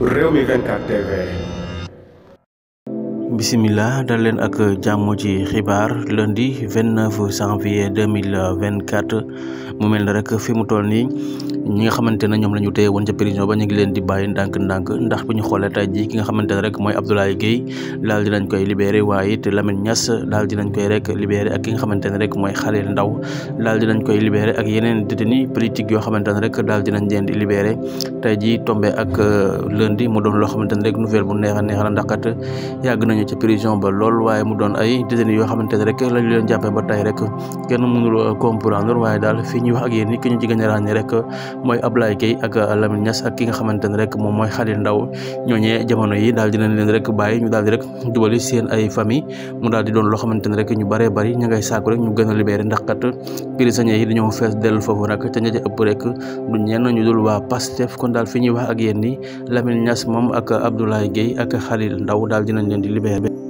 Rewmi 24 TV bismillah dal leen ak jàmm ci lundi 29 janvier 2024 mu mel ne rek fi mu toll nii ñi nga xamante ne ñoom la ñu téye eh, woon prison ba ñu ngi leen di bàyyi ndànk-ndànk ndax bu ñu xoolee tey jii ki nga xamante ne rek mooy Abdoulaye Gueye daal dinañ koy libéré waaye it Lamine Niass daal dinañ koy rek libéré ak ki nga xamante rek mooy Khalil Ndaw daal dinañ koy libéré ak yeneen eh, détenu politique yoo xamante ne rek daal dinañ leen di libéré tey jii tombé ak lundi mu doon loo xamante ne rek nouvelle bu neex a neex la nañu génne ci prison ba lool waaye mu doon ay détenu yoo xamante ne rek lañu leen jàppee ba tey rek kenn mënul comprendre waaye daal fii ñuy wax ak yéen ni ki ñu ci gën a ràññee rek mooy Ablaye Gueye ak Lamine Niass ak ki nga xamante ne rek moom mooy Khalil Ndao ñooñee jamono yi daal dinañ leen rek ñu di rek jubali seen ay famille mu di rek ñu bare bari ña ngay sàkku rek ñu gën a libéré ndax kat prisonniers yi dañoo fees dellu foofu nag te ña ëpp rek du ñenn ñu dul waa Pastef kon dal fi ñuy wax ak yéen ni Lamine Niass moom ak Abdoulaye Gueye ak Khalil Ndao daal dinañ leen di bien.